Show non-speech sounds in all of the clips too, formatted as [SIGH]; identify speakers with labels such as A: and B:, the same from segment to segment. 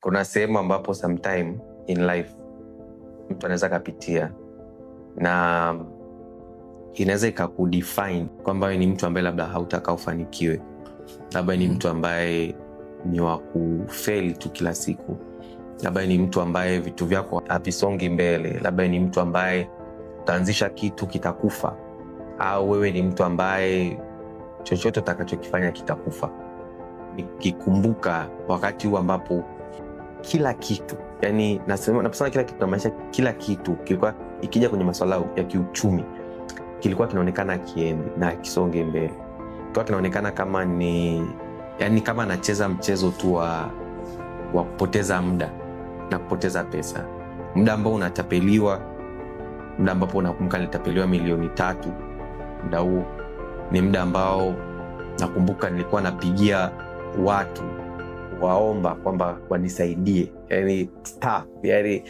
A: kuna sehemu ambapo sometime in life mtu anaweza akapitia na inaweza ikakudefine kwamba ni mtu ambaye labda hautaka ufanikiwe, labda ni mm-hmm. mtu ambaye ni wa kufeli tu kila siku, labda ni mtu ambaye vitu vyako havisongi mbele, labda ni mtu ambaye utaanzisha kitu kitakufa, au wewe ni mtu ambaye chochote utakachokifanya kitakufa. Nikikumbuka wakati huu ambapo kila kitu yani, nasema napasema kila kitu namaanisha kila kitu kilikuwa ikija kwenye masuala ya kiuchumi kilikuwa kinaonekana kiende na kisonge mbele, kilikuwa kinaonekana kama ni yani, kama anacheza mchezo tu wa wa kupoteza muda na kupoteza pesa, muda ambao unatapeliwa, muda ambapo nakumbuka nilitapeliwa milioni tatu. Muda huo ni muda ambao nakumbuka nilikuwa napigia watu kuwaomba kwamba wanisaidie, yani staff, yani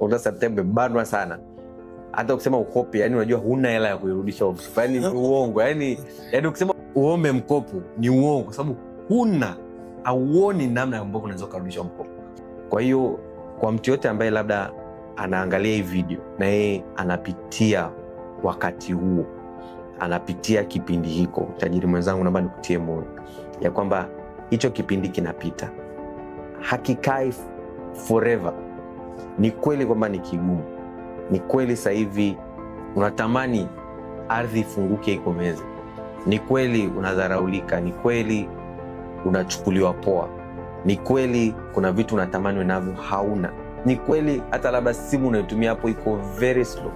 A: una sometimes sana hata ukisema ukope, yani unajua huna hela ya kuirudisha ofisi, yani [LAUGHS] uongo. Yani yani ukisema uombe mkopo ni uongo, kwa sababu huna, hauoni namna ambavyo unaweza kurudisha mkopo. Kwa hiyo kwa mtu yote ambaye labda anaangalia hii video na yeye anapitia wakati huo, anapitia kipindi hiko, tajiri mwenzangu, naomba nikutie moyo ya kwamba hicho kipindi kinapita, hakikai forever. Ni kweli kwamba ni kigumu, ni kweli sasa hivi unatamani ardhi ifunguke ikomeze, ni kweli unadharaulika, ni kweli unachukuliwa poa, ni kweli kuna vitu unatamani unavyo hauna, ni kweli hata labda simu unayotumia hapo iko very slow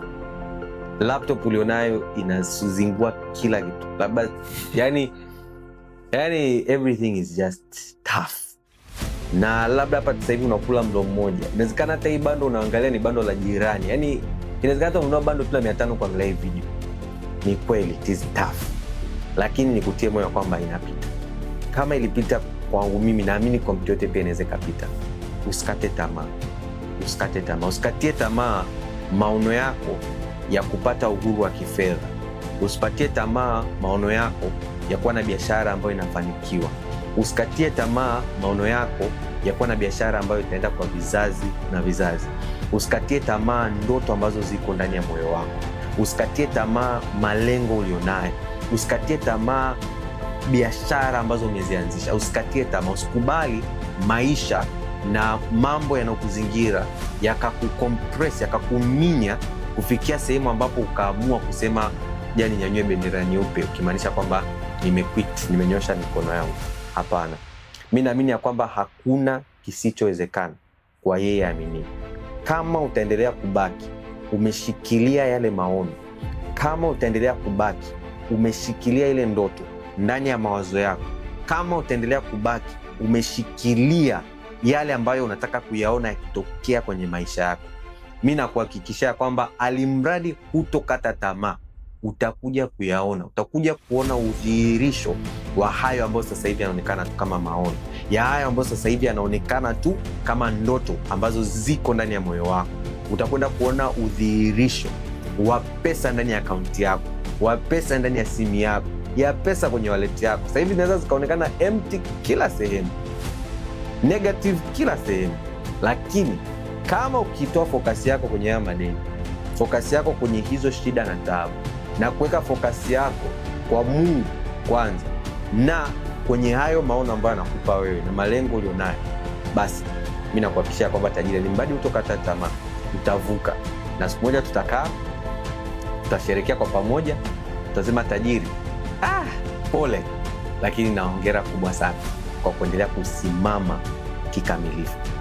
A: laptop ulionayo inazingua kila kitu, labda yani yani everything is just tough na labda hapa sasa hivi unakula mlo mmoja, inawezekana hata hii bando unaangalia ni bando la jirani. Yani inawezekana hata unanunua bando tu la mia tano kuangalia hii video. Ni kweli it is tough, lakini nikutie moyo kwamba inapita. Kama ilipita kwangu mimi, naamini kwa mtu yote pia inaweza ikapita. Usikate tamaa, usikate tamaa, usikatie tamaa maono yako ya kupata uhuru wa kifedha, usipatie tamaa maono yako ya kuwa na biashara ambayo inafanikiwa. Usikatie tamaa maono yako ya kuwa na biashara ambayo itaenda kwa vizazi na vizazi. Usikatie tamaa ndoto ambazo ziko ndani ya moyo wako. Usikatie tamaa malengo ulionayo. Usikatie tamaa biashara ambazo umezianzisha. Usikatie tamaa, usikubali maisha na mambo yanayokuzingira yakakukompress, yakakuminya kufikia sehemu ambapo ukaamua kusema jani, nyanyue bendera nyeupe, ukimaanisha kwamba nimequit, nimenyosha mikono yangu. Hapana, mi naamini ya kwamba hakuna kisichowezekana kwa yeye amini. Kama utaendelea kubaki umeshikilia yale maono, kama utaendelea kubaki umeshikilia ile ndoto ndani ya mawazo yako, kama utaendelea kubaki umeshikilia yale ambayo unataka kuyaona yakitokea kwenye maisha yako, mi nakuhakikishia kwamba alimradi hutokata tamaa utakuja kuyaona, utakuja kuona udhihirisho wa hayo ambayo sasa hivi yanaonekana tu kama maono, ya hayo ambayo sasa hivi yanaonekana tu kama ndoto ambazo ziko ndani ya moyo wako. Utakwenda kuona udhihirisho wa pesa ndani ya akaunti yako, wa pesa ndani ya simu yako, ya pesa kwenye waleti yako. Sasa hivi zinaweza zikaonekana empty kila sehemu, negative kila sehemu, lakini kama ukitoa fokasi yako kwenye haya madeni, fokasi yako kwenye hizo shida na taabu na kuweka fokasi yako kwa Mungu kwanza na kwenye hayo maono ambayo anakupa wewe na malengo ulionayo, basi mi nakuhakikishia kwamba tajiri ni mradi utokata tamaa, utavuka na siku moja tutakaa, tutasherekea kwa pamoja, tutasema tajiri, ah, pole, lakini na kubwa sana kwa kuendelea kusimama kikamilifu.